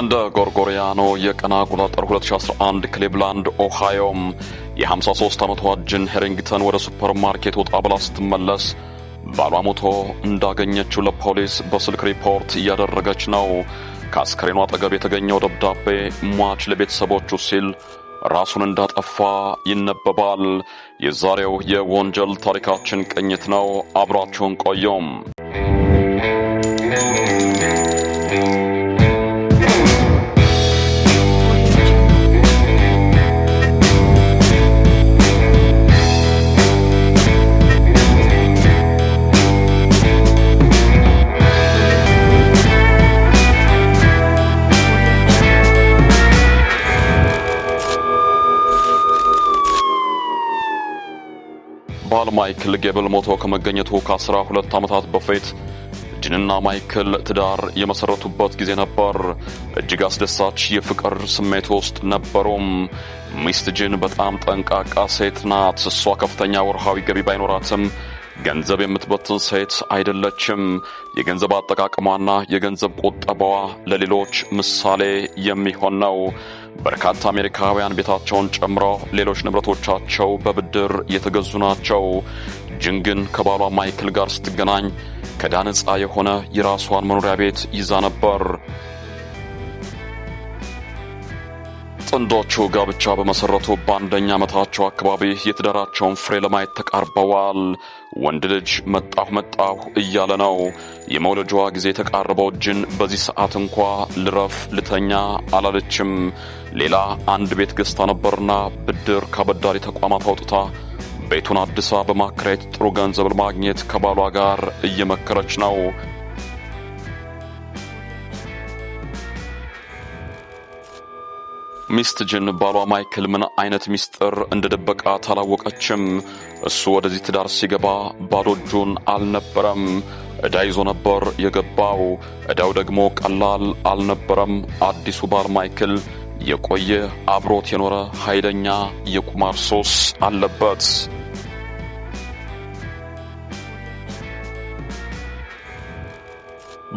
እንደ ጎርጎሪያኖ የቀን አቆጣጠር 2011 ክሊቭላንድ ኦሃዮም የ53 ዓመቷ ጅን ሄሪንግተን ወደ ሱፐርማርኬት ወጣ ብላ ስትመለስ ባሏ ሞቶ እንዳገኘችው ለፖሊስ በስልክ ሪፖርት እያደረገች ነው። ከአስከሬኗ አጠገብ የተገኘው ደብዳቤ ሟች ለቤተሰቦቹ ሲል ራሱን እንዳጠፋ ይነበባል። የዛሬው የወንጀል ታሪካችን ቅኝት ነው። አብራችሁን ቆየም ማይክል ጌብል ሞቶ ከመገኘቱ ከ12 ዓመታት በፊት ጅንና ማይክል ትዳር የመሰረቱበት ጊዜ ነበር። እጅግ አስደሳች የፍቅር ስሜት ውስጥ ነበሩም። ሚስት ጅን በጣም ጠንቃቃ ሴት ናት። እሷ ከፍተኛ ወርሃዊ ገቢ ባይኖራትም ገንዘብ የምትበትን ሴት አይደለችም። የገንዘብ አጠቃቀሟና የገንዘብ ቁጠባዋ ለሌሎች ምሳሌ የሚሆን ነው። በርካታ አሜሪካውያን ቤታቸውን ጨምሮ ሌሎች ንብረቶቻቸው በብድር እየተገዙ ናቸው። ጅን ግን ከባሏ ማይክል ጋር ስትገናኝ ከዕዳ የሆነ የራሷን መኖሪያ ቤት ይዛ ነበር። ጥንዶቹ ጋብቻ በመሰረቱ በአንደኛ ዓመታቸው አካባቢ የትዳራቸውን ፍሬ ለማየት ተቃርበዋል። ወንድ ልጅ መጣሁ መጣሁ እያለ ነው። የመውለጇ ጊዜ የተቃረበው ጅን በዚህ ሰዓት እንኳ ልረፍ ልተኛ አላለችም። ሌላ አንድ ቤት ገዝታ ነበርና ብድር ከበዳሪ ተቋማት አውጥታ ቤቱን አድሳ በማከራየት ጥሩ ገንዘብ ለማግኘት ከባሏ ጋር እየመከረች ነው። ሚስት ጅን ባሏ ማይክል ምን አይነት ሚስጥር እንደደበቃት አላወቀችም። እሱ ወደዚህ ትዳር ሲገባ ባዶ እጁን አልነበረም። ዕዳ ይዞ ነበር የገባው። ዕዳው ደግሞ ቀላል አልነበረም። አዲሱ ባል ማይክል የቆየ አብሮት የኖረ ኃይለኛ የቁማር ሶስ አለበት።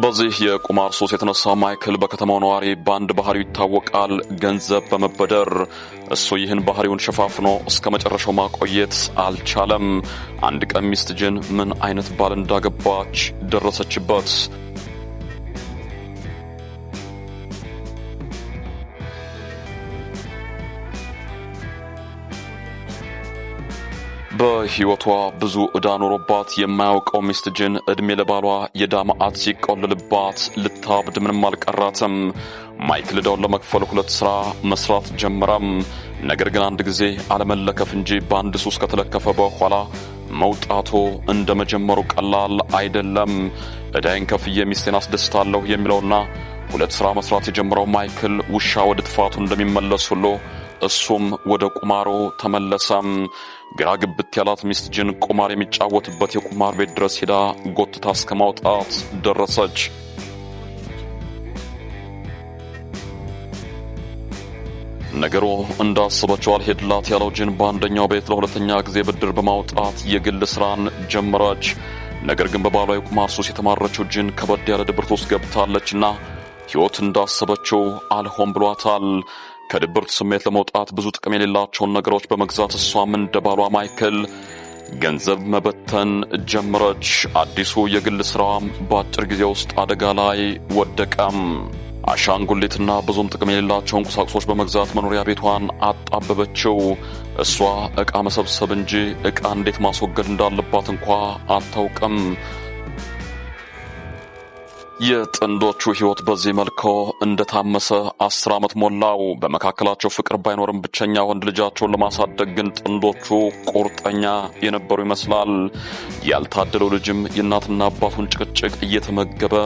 በዚህ የቁማር ሱስ የተነሳ ማይክል በከተማው ነዋሪ በአንድ ባህሪው ይታወቃል፣ ገንዘብ በመበደር። እሱ ይህን ባህሪውን ሸፋፍኖ እስከ መጨረሻው ማቆየት አልቻለም። አንድ ቀን ሚስት ጅን ምን አይነት ባል እንዳገባች ደረሰችበት። በህይወቷ ብዙ ዕዳ ኖሮባት የማያውቀው ሚስት ጅን ዕድሜ ለባሏ የዳማአት መዓት ሲቆልልባት ልታብድ ምንም አልቀራትም። ማይክል እዳውን ለመክፈል ሁለት ሥራ መሥራት ጀመረም። ነገር ግን አንድ ጊዜ አለመለከፍ እንጂ በአንድ ሱስ ከተለከፈ በኋላ መውጣቱ እንደ መጀመሩ ቀላል አይደለም። እዳይን ከፍዬ ሚስቴን አስደስታለሁ የሚለውና ሁለት ሥራ መሥራት የጀመረው ማይክል ውሻ ወደ ጥፋቱ እንደሚመለስ ሁሉ እሱም ወደ ቁማሩ ተመለሰም። ግራ ግብት ያላት ሚስት ጅን ቁማር የሚጫወትበት የቁማር ቤት ድረስ ሄዳ ጎትታ እስከ ማውጣት ደረሰች። ነገሩ እንዳሰበችው አልሄድላት ያለው ጅን በአንደኛው ቤት ለሁለተኛ ጊዜ ብድር በማውጣት የግል ስራን ጀመረች። ነገር ግን በባሏ የቁማር ሱስ የተማረችው ጅን ከበድ ያለ ድብርት ውስጥ ገብታለችና ሕይወት እንዳሰበችው አልሆን ብሏታል። ከድብርት ስሜት ለመውጣት ብዙ ጥቅም የሌላቸውን ነገሮች በመግዛት እሷም እንደ ባሏ ማይክል ገንዘብ መበተን ጀመረች። አዲሱ የግል ሥራዋም በአጭር ጊዜ ውስጥ አደጋ ላይ ወደቀም። አሻንጉሊትና ብዙም ጥቅም የሌላቸውን ቁሳቁሶች በመግዛት መኖሪያ ቤቷን አጣበበችው። እሷ ዕቃ መሰብሰብ እንጂ ዕቃ እንዴት ማስወገድ እንዳለባት እንኳ አታውቅም። የጥንዶቹ ህይወት በዚህ መልኩ እንደታመሰ አስር ዓመት ሞላው። በመካከላቸው ፍቅር ባይኖርም ብቸኛ ወንድ ልጃቸውን ለማሳደግ ግን ጥንዶቹ ቁርጠኛ የነበሩ ይመስላል። ያልታደለው ልጅም የእናትና አባቱን ጭቅጭቅ እየተመገበ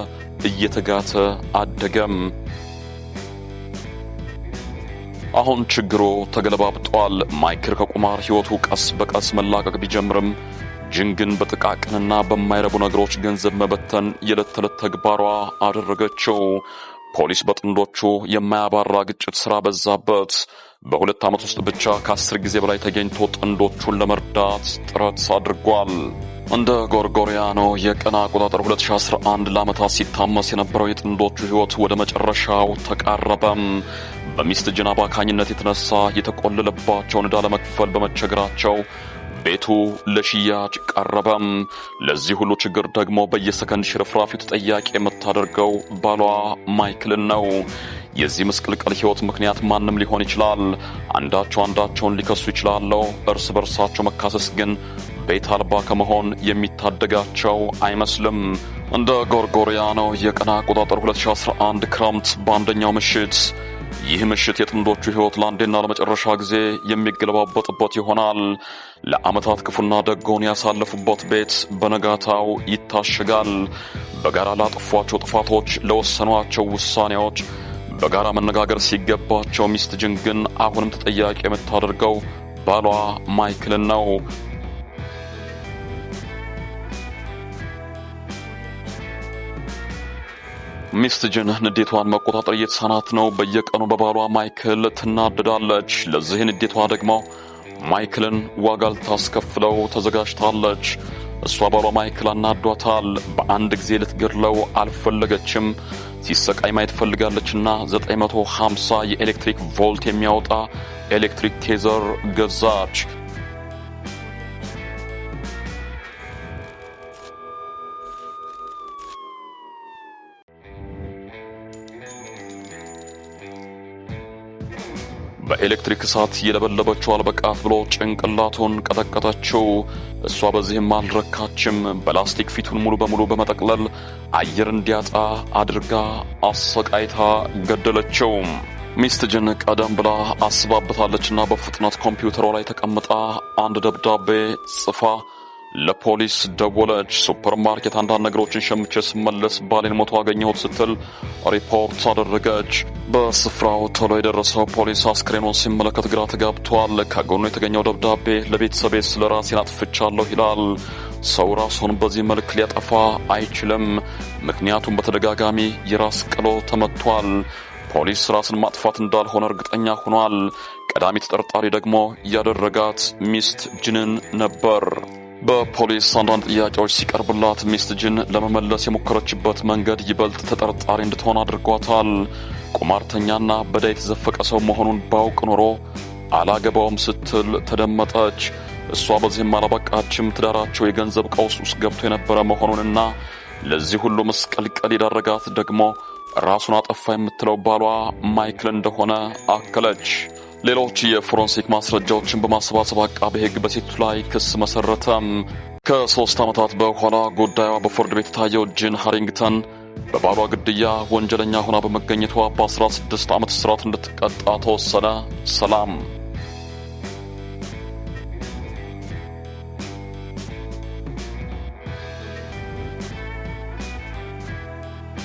እየተጋተ አደገም። አሁን ችግሩ ተገለባብጧል። ማይክል ከቁማር ህይወቱ ቀስ በቀስ መላቀቅ ቢጀምርም ጅን ግን በጥቃቅንና በማይረቡ ነገሮች ገንዘብ መበተን የዕለት ተዕለት ተግባሯ አደረገችው። ፖሊስ በጥንዶቹ የማያባራ ግጭት ሥራ በዛበት። በሁለት ዓመት ውስጥ ብቻ ከአስር ጊዜ በላይ ተገኝቶ ጥንዶቹን ለመርዳት ጥረት አድርጓል። እንደ ጎርጎሪያኖ የቀን አቆጣጠር 2011 ለዓመታት ሲታመስ የነበረው የጥንዶቹ ሕይወት ወደ መጨረሻው ተቃረበም። በሚስት ጅን አባካኝነት የተነሳ የተቆለለባቸውን ዕዳ ለመክፈል በመቸገራቸው ቤቱ ለሽያጭ ቀረበም። ለዚህ ሁሉ ችግር ደግሞ በየሰከንድ ሽርፍራፊው ተጠያቂ የምታደርገው ባሏ ማይክልን ነው። የዚህ ምስቅልቅል ሕይወት ምክንያት ማንም ሊሆን ይችላል። አንዳቸው አንዳቸውን ሊከሱ ይችላለው እርስ በርሳቸው መካሰስ ግን ቤት አልባ ከመሆን የሚታደጋቸው አይመስልም። እንደ ጎርጎሪያ ነው የቀን አቆጣጠር 2011 ክረምት በአንደኛው ምሽት ይህ ምሽት የጥንዶቹ ህይወት ለአንዴና ለመጨረሻ ጊዜ የሚገለባበጥበት ይሆናል። ለዓመታት ክፉና ደጎን ያሳለፉበት ቤት በነጋታው ይታሽጋል። በጋራ ላጠፏቸው ጥፋቶች፣ ለወሰኗቸው ውሳኔዎች በጋራ መነጋገር ሲገባቸው ሚስት ጅን ግን አሁንም ተጠያቂ የምታደርገው ባሏ ማይክልን ነው። ሚስትጅን ንዴቷን መቆጣጠር እየተሳናት ነው። በየቀኑ በባሏ ማይክል ትናደዳለች። ለዚህ ንዴቷ ደግሞ ማይክልን ዋጋ ልታስከፍለው ተዘጋጅታለች። እሷ ባሏ ማይክል አናዷታል። በአንድ ጊዜ ልትገድለው አልፈለገችም። ሲሰቃይ ማየት ፈልጋለችና 950 የኤሌክትሪክ ቮልት የሚያወጣ ኤሌክትሪክ ቴዘር ገዛች። በኤሌክትሪክ እሳት እየለበለበችው አልበቃት ብሎ ጭንቅላቱን ቀጠቀጠችው። እሷ በዚህም አልረካችም። በላስቲክ ፊቱን ሙሉ በሙሉ በመጠቅለል አየር እንዲያጣ አድርጋ አሰቃይታ ገደለችው። ሚስት ጅን ቀደም ብላ አስባብታለችና በፍጥነት ኮምፒውተሯ ላይ ተቀምጣ አንድ ደብዳቤ ጽፋ ለፖሊስ ደወለች። ሱፐርማርኬት አንዳንድ ነገሮችን ሸምቼ ስመለስ ባሌን ሞቶ አገኘሁት ስትል ሪፖርት አደረገች። በስፍራው ቶሎ የደረሰው ፖሊስ አስክሬኑን ሲመለከት ግራ ተጋብቷል። ከጎኑ የተገኘው ደብዳቤ ለቤተሰቤ ስለ ራሴን አጥፍቻለሁ ይላል። ሰው ራሱን በዚህ መልክ ሊያጠፋ አይችልም፣ ምክንያቱም በተደጋጋሚ የራስ ቅሎ ተመቷል። ፖሊስ ራስን ማጥፋት እንዳልሆነ እርግጠኛ ሆኗል። ቀዳሚ ተጠርጣሪ ደግሞ ያደረጋት ሚስት ጅንን ነበር። በፖሊስ አንዳንድ ጥያቄዎች ሲቀርብላት ሚስት ጅን ለመመለስ የሞከረችበት መንገድ ይበልጥ ተጠርጣሪ እንድትሆን አድርጓታል። ቁማርተኛና በዳይ የተዘፈቀ ሰው መሆኑን ባውቅ ኖሮ አላገባውም ስትል ተደመጠች። እሷ በዚህም አላበቃችም። ትዳራቸው የገንዘብ ቀውስ ውስጥ ገብቶ የነበረ መሆኑንና ለዚህ ሁሉ መስቀልቀል የዳረጋት ደግሞ ራሱን አጠፋ የምትለው ባሏ ማይክል እንደሆነ አከለች። ሌሎች የፎረንሲክ ማስረጃዎችን በማሰባሰብ አቃቤ ሕግ በሴቱ ላይ ክስ መሰረተም። ከሶስት ዓመታት በኋላ ጉዳዩ በፍርድ ቤት የታየው ጂን ሃሪንግተን በባሏ ግድያ ወንጀለኛ ሆና በመገኘቷ በ16 ዓመት እስራት እንድትቀጣ ተወሰነ። ሰላም